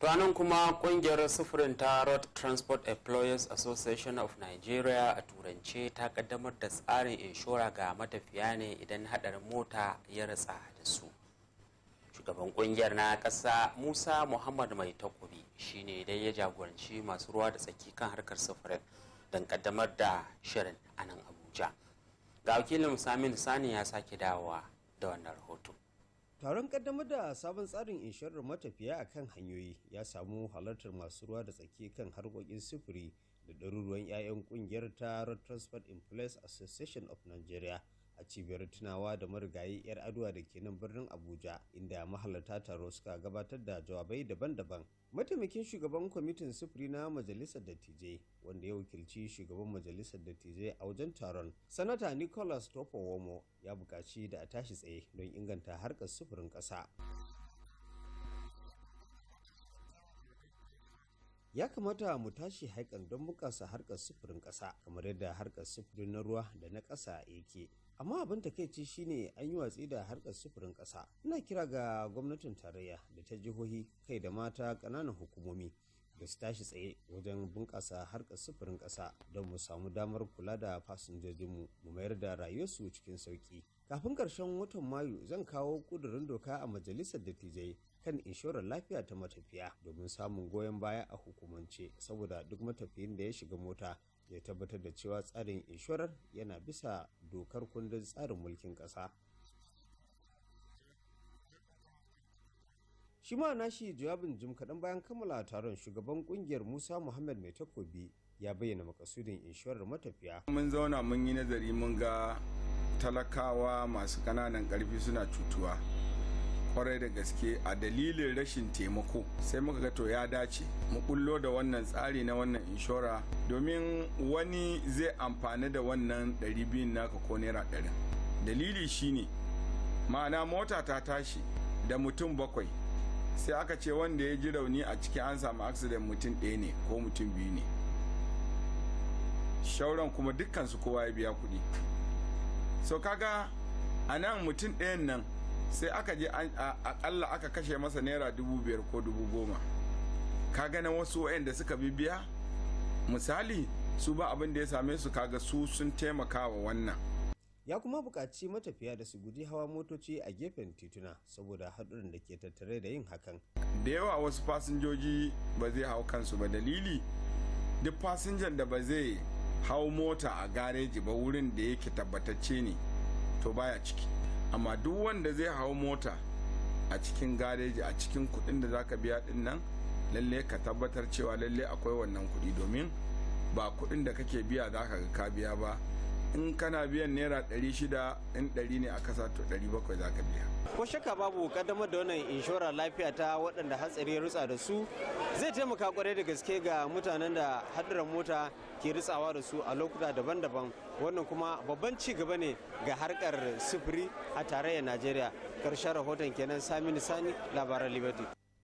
ranar kuma kungiyar sufurin ta road transport employers association of nigeria a turance ta kaddamar da tsarin inshora ga matafiya ne idan hadarin mota ya ratsa da su shugaban kungiyar na kasa musa muhammad mai takobi shine dai ya jagoranci masu ruwa da tsaki kan harkar sufurin don kaddamar da shirin a nan abuja ga wakilin samin sani ya sake dawowa da wannan rahoton taron kaddamar da sabon tsarin inshorar matafiya a kan hanyoyi ya samu halartar masu ruwa da tsaki kan harkokin sufuri da ɗaruruwan 'ya'yan ƙungiyar ta road transport in place association of nigeria a cibiyar tunawa da marigayi 'yar aduwa da ke nan birnin abuja inda mahalarta taro suka gabatar da jawabai daban-daban mataimakin shugaban kwamitin sufuri na majalisar dattijai wanda ya wakilci shugaban majalisar dattijai a wajen taron sanata nicholas topowomo ya bukaci da a tashi tsaye don inganta harkar sufurin ƙasa ya kamata mu tashi haikan don bunƙasa harkar sufurin ƙasa kamar yadda harkar sufurin na ruwa da na ƙasa yake amma abin takaici shine an yi watsi da harkar sufurin ƙasa ina kira ga gwamnatin tarayya da ta jihohi kai da mata ƙananan hukumomi da su tashi tsaye wajen bunƙasa harkar sufurin ƙasa don mu samu damar kula da fasinjojinmu mu mayar da rayuwarsu cikin sauƙi kafin ƙarshen watan mayu zan kawo ƙudurin doka a majalisar dattijai kan inshorar lafiya ta matafiya domin samun goyon baya a hukumance saboda duk matafiyin da ya shiga mota ya tabbatar da cewa tsarin inshorar yana bisa dokar kundin tsarin mulkin ƙasa. shi ma shi jawabin jim kaɗan bayan kammala a taron shugaban ƙungiyar musa muhammad mai takobi ya bayyana makasudin inshorar matafiya mun zauna mun yi nazari mun ga talakawa masu ƙananan karfi suna cutuwa kwarai da gaske a dalilin rashin taimako sai muka ga to ya dace mu kullo da wannan tsari na wannan inshora domin wani zai amfani da wannan 200 naka ko naira ɗari. dalili shine ma'ana mota ta tashi da mutum bakwai sai aka ce wanda ya ji rauni a ciki an samu accident mutum ɗaya ne ko mutum biyu ne shauran kuma dukkansu kowa ya biya kuɗi so kaga a nan mutum ɗayan nan sai aka je akalla aka kashe masa naira dubu biyar ko dubu goma ka na wasu wayanda suka bibiya misali su ba abin da ya same su kaga su sun taimaka wa wannan ya kuma buƙaci matafiya da su guji hawa motoci a gefen tituna saboda haɗurin da ke tattare da yin hakan da yawa wasu fasinjoji ba zai hau kansu ba dalili duk fasinjan da ba zai hau mota a gareji ba wurin da yake tabbatacce ne to baya ciki amma duk wanda zai hau mota a cikin gareji a cikin kudin da zaka biya din nan lalle ka tabbatar cewa lalle akwai wannan kudi domin ba kudin da kake biya zaka ga ka biya ba in kana biyan naira 600 in dari ne a kasa to 700 za ka biya ko shakka babu kaddamar da wannan inshora lafiya ta waɗanda hatsari ya rutsa da su zai taimaka kwarai da gaske ga mutanen da haɗuran mota ke rutsawa da su a lokuta daban-daban wannan kuma babban ci gaba ne ga harkar sufuri a tarayyar najeriya karshen rahoton kenan saminu sani labaran liberty